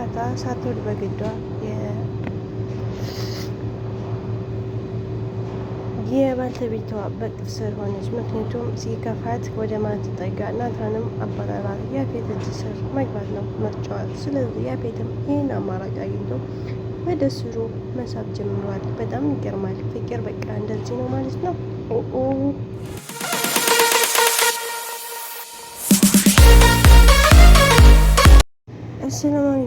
ኤፍራታ ሳትወድ በግዷ የባልተቤቷ በቅፍ ስር ሆነች። ምክንያቱም ሲከፋት ወደ ማን ትጠጋ? ናታንም አባራራት ያፌት እጅ ስር መግባት ነው ምርጫዋ። ስለዚህ ያፌትም ይህን አማራጭ አግኝቶ ወደ ስሩ መሳብ ጀምሯል። በጣም ይገርማል። ፍቅር በቃ እንደዚህ ነው ማለት ነው።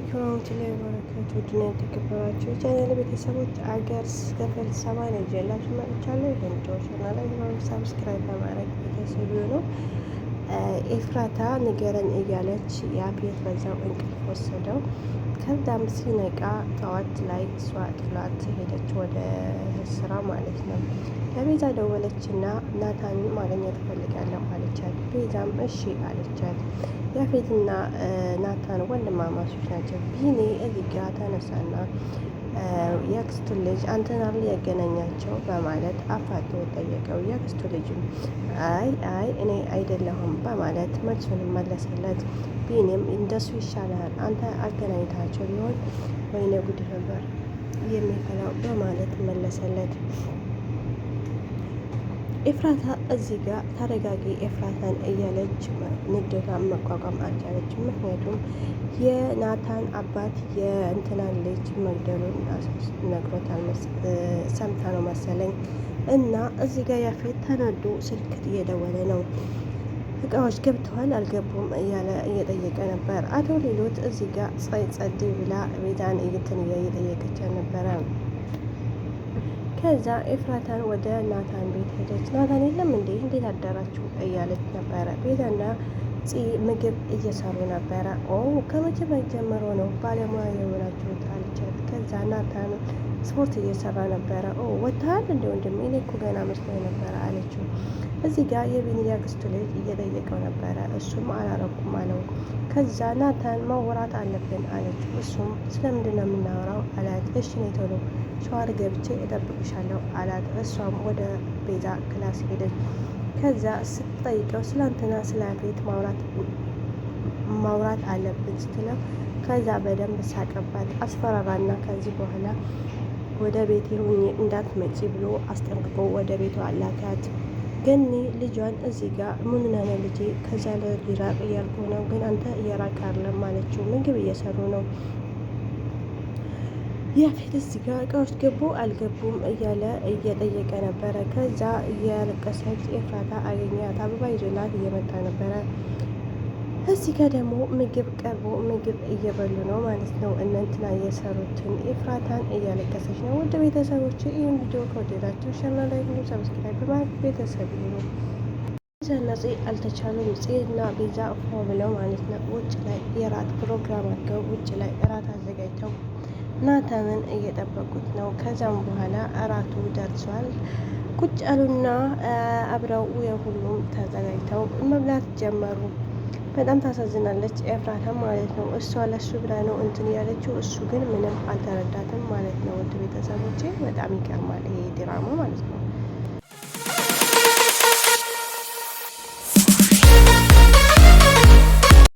አለይኩም ወራህመቱላሂ ወበረካቱ ድና የተከበራችሁ የቻናል ቤተሰቦች አገር ክፍል ሰባ ነው ይዤላችሁ መጥቻለሁ። ይህን ቻናል ላይ ሰብስክራይብ በማድረግ ቤተሰብ ነው ኤፍራታ ንገረን እያለች የአቤል በዛው እንቅልፍ ወሰደው። ከዛም ሲነቃ ጠዋት ላይ እሷ ጥላት ሄደች ወደ ስራ ማለት ነው። ለቤዛ ደወለች እና ናታን ማገኘት እፈልጋለሁ አለቻት። ቤዛም እሺ አለቻት። ያፌትና ናታን ወንድማማቾች ናቸው። ቢኒ እዚህ ጋ ተነሳና የአክስቱን ልጅ አንተናም ያገናኛቸው በማለት አፋቶ ጠየቀው። የአክስቱ ልጅም አይ አይ እኔ አይደለሁም በማለት መልሱን መለሰለት። ቢኒም እንደሱ ይሻላል አንተ አገናኝታቸው ቢሆን ወይኔ ጉድ ነበር የሚፈላው በማለት መለሰለት። ኤፍራታ እዚህ ጋር ታረጋጊ ኤፍራታን እያለች ንደጋ መቋቋም አልቻለችም። ምክንያቱም የናታን አባት የእንትናን ልጅ መግደሉን ነግሮታል፣ ሰምታ ነው መሰለኝ። እና እዚህ ጋር ያፌት ተናዶ ስልክ እየደወለ ነው እቃዎች ገብተዋል አልገቡም እያለ እየጠየቀ ነበር። አቶ ሌሎት እዚህ ጋር ጸድ ብላ ቤዛን እይትን እየጠየቀች ነበረ። ከዛ ኤፍራታን ወደ ናታን ቤት ሄደች። ናታን የለም እንዴ እንዴት አደራችሁ እያለች ነበረ። ቤዛና ፂ ምግብ እየሰሩ ነበረ። ኦ ከመጀመሪያ ጀምሮ ነው ባለሙያ የሆናችሁት አለቻት። ከዛ ናታን ስፖርት እየሰራ ነበረ። ኦ ወጥተሃል እንደ ወንድሜ እኔ እኮ ገና መስሎኝ ነበረ አለችው። እዚህ ጋር የቢኒያ አክስቱ ልጅ እየጠየቀው ነበረ። እሱም አላረኩም አለው። ከዛ ናታን ማውራት አለብን አለችው። እሱም ስለምንድን ነው የምናወራው አላት። እሺ እኔ ሸዋር ገብቼ እጠብቅሻለሁ አላት። እሷም ወደ ቤዛ ክላስ ሄደች። ከዛ ስትጠይቀው ስላንትና ስለ ቤት ማውራት አለብን ስትለው ከዛ በደንብ ሳቀባት፣ አስፈራራና ከዚህ በኋላ ወደ ቤቴ እንዳት እንዳትመጪ ብሎ አስጠንቅቆ ወደ ቤቷ አላካት። ግን ልጇን እዚህ ጋር ምንናነ ልጄ ከዛ ሊራቅ እያልኩ ነው፣ ግን አንተ እየራቅ አለም አለችው። ምግብ እየሰሩ ነው የፊት እዚጋ እቃዎች ገቡ አልገቡም እያለ እየጠየቀ ነበረ። ከዛ እያለቀሰች ኤፍራታ አገኛት። አበባ ይዞላት እየመጣ ነበረ። እዚህ ጋር ደግሞ ምግብ ቀርቦ ምግብ እየበሉ ነው ማለት ነው። እነንትና የሰሩትን ኤፍራታን እያለቀሰች ነው። ውድ ቤተሰቦች ይህን ቪዲዮ ከወደዳቸው ሸና ላይ ሁሉ ሰብስክራይብ በማድረግ ቤተሰብ ነው። ዘነጽ አልተቻሉም። ጽና ቤዛ ብለው ማለት ነው። ውጭ ላይ የራት ፕሮግራም አድርገው ውጭ ላይ እራት ናታንን እየጠበቁት ነው። ከዛም በኋላ እራቱ ደርሷል። ቁጭ አሉና አብረው የሁሉም ተዘጋጅተው መብላት ጀመሩ። በጣም ታሳዝናለች ኤፍራታም ማለት ነው። እሷ ለሱ ብላ ነው እንትን ያለችው፣ እሱ ግን ምንም አልተረዳትም ማለት ነው። ውድ ቤተሰቦቼ በጣም ይገርማል ይሄ ድራማ ማለት ነው።